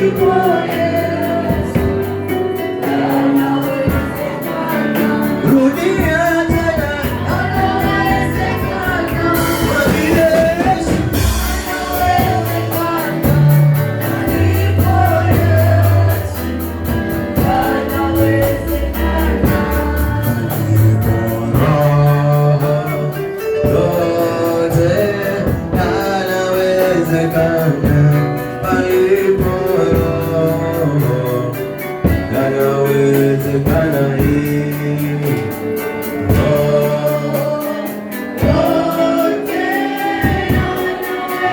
you were.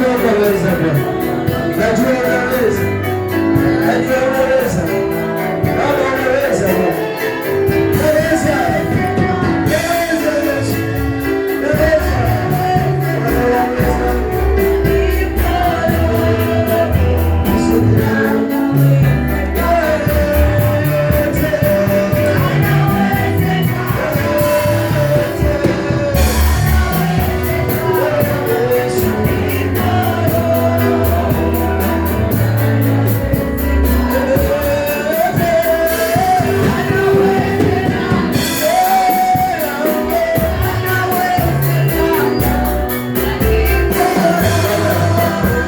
you all for this, And Thank you all for this. you all for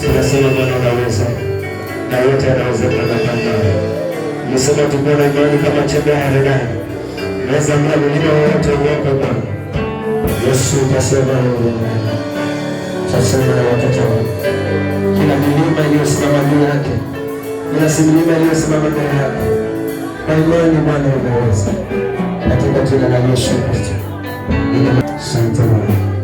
tunasema Bwana unaweza na yote yanawezekana kwako. Umesema tukuwe na imani kama chembe ya haradali, meza mlima wowote ulioko Bwana Yesu. Utasema utasema na watoto wako, kila milima iliyosimama juu yake, kila milima iliyosimama mbele yake, kwa imani Bwana unaweza, katika jina la Yesu Kristo. Asante Bwana.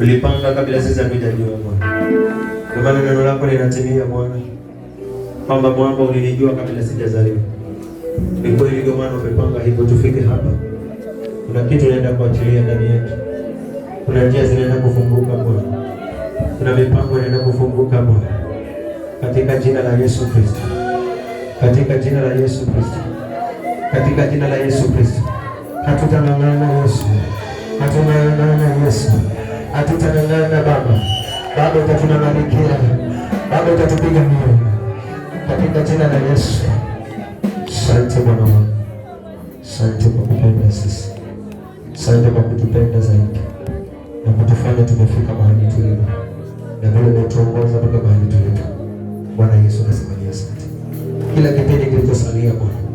Ulipanga kabla sisi hatujajua Bwana. Kwa maana neno lako linatimia Bwana. Kwamba mwamba ulilijua kabla sijazaliwa. Ni kweli ndio maana umepanga hivyo tufike hapa. Kuna kitu unaenda kuachilia ndani yetu. Kuna njia zinaenda kufunguka Bwana. Kuna mipango inaenda kufunguka Bwana. Katika jina la Yesu Kristo. Katika jina la Yesu Kristo. Katika jina la Yesu Kristo. Hatutanang'ana Yesu. Hatunang'ana Yesu hatutanyang'ana Baba. Baba utatunang'anikia, Baba utatupiga mio katika jina la Yesu. Asante Bwana wangu, asante kwa kupenda sisi, asante kwa kutupenda zaidi na kutufanya tumefika mahali tulipo, na vile umetuongoza mpaka mahali tulipo. Bwana Yesu, nasema asante kila kipindi kilichosalia Bwana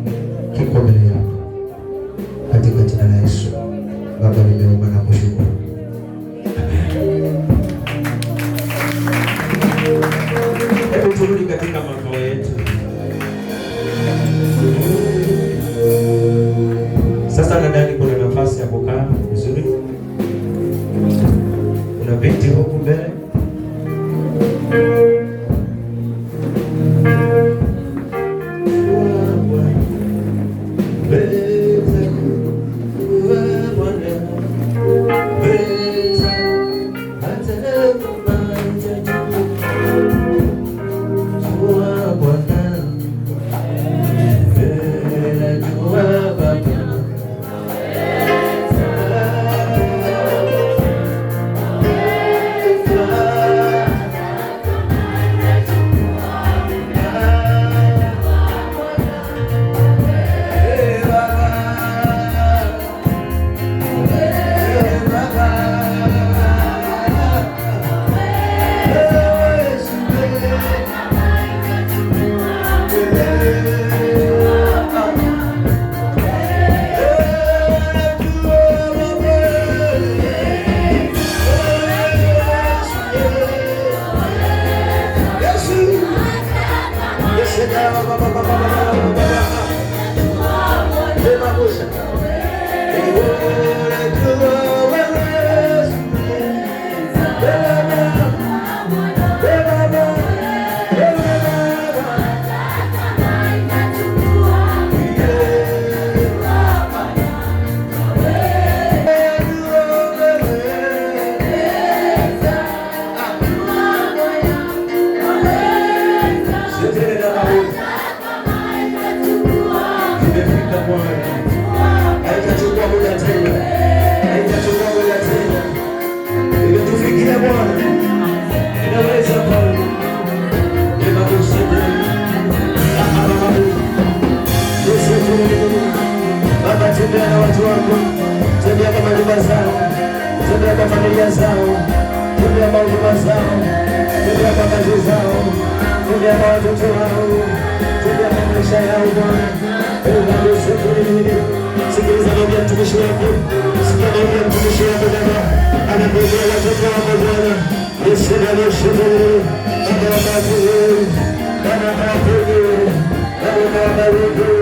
Amen. tembea na watu wako, tembea na majumba zao, tembea na familia zao, tembea na huduma zao, tembea na kazi zao, tembea na watoto wao, tembea na maisha yao Bwana. sikiliza neno ya mtumishi wako, sikia neno ya mtumishi wako Baba, anakuambia watoto wako Bwana, Yesu anashukuru Baba, Baba, Baba, Baba, Baba, Baba, Baba, Baba, Baba, Baba,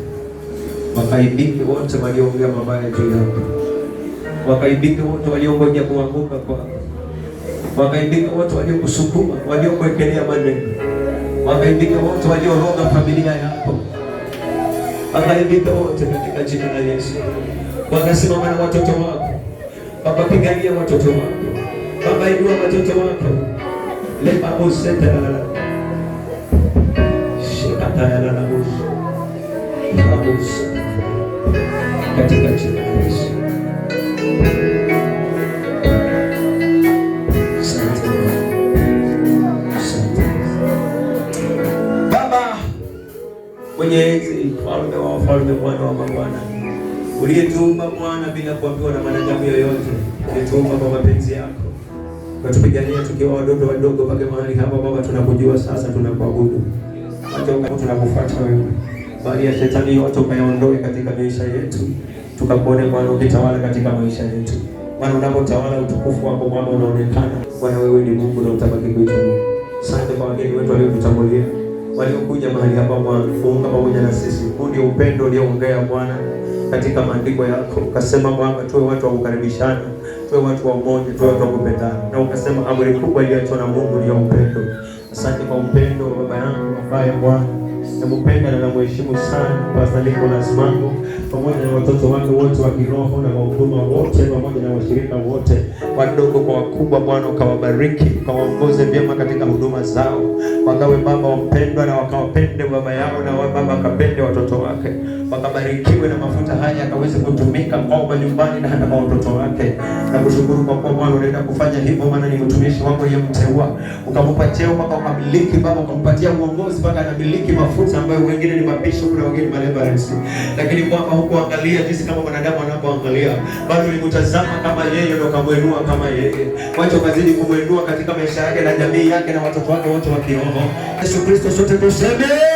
wakaibiki wote waliongea mabaya juu yako, wakaibiki wote waliongoja kuanguka kwako, wakaibiki wote waliokusukuma, waliokuekelea maneno, wakaibiki wote walioroga familia yako, wakaibiki wote katika jina la Yesu. Wakasimama na watoto wako, wakapigania watoto wako, wakainua watoto wako lebabosetelala shekatayalalamu abusa katika jina la wa wafalme, Bwana wa uliyetuumba Bwana bila kuambiwa na mwanadamu yoyote, uliyetuumba kwa mapenzi yako natupigania tukiwa wadogo wadogo, mpaka mahali hapa Baba tunakujua sasa, tunakuabudu, tunakufuata wewe bali ya shetani yote ukayaondoe katika maisha yetu, tukapone Bwana ukitawala katika maisha yetu. Bwana unapotawala, utukufu wako Bwana unaonekana. Bwana wewe ni Mungu na utabaki kwetu. Asante kwa wageni wetu waliotutangulia, waliokuja mahali hapa Bwana kuunga pamoja na sisi. Huu ndio upendo ulioongea Bwana katika maandiko yako, ukasema Bwana tuwe watu wa kukaribishana, tuwe watu wa umoja, tuwe watu wa kupendana, na ukasema amri kubwa iliyoachwa na Mungu ni ya upendo. Asante kwa upendo wa Baba yangu ambaye Bwana mupenda na namuheshimu sana Pastor Nicholas wangu pamoja na watoto wangu wote wa kiroho na wahuduma wote pamoja na washirika wote wadogo kwa wakubwa. Bwana ukawabariki, ukawaongoze vyema katika huduma zao, wakawe baba wampendwa na wakawapende baba yao na baba akapende watoto wake, wakabarikiwe na mafuta haya akaweze kutumika kwao nyumbani na hata kwa watoto wake. Na kushukuru kwa kuwa Bwana unaenda kufanya hivyo, maana ni mtumishi wako yemteua ukamupa cheo mpaka ukamiliki, Baba ukampatia uongozi mpaka anamiliki mafuta mafuta ambayo wengine ni mabisho, kuna wengine malebaresi, lakini kwamba hukuangalia jinsi kama mwanadamu wanapoangalia, bado ulimtazama kama yeye ndo kamwinua kama yeye. Wacha ukazidi kumwinua katika maisha yake na jamii yake na watoto wake wote wa kiroho. Yesu Kristo, sote tuseme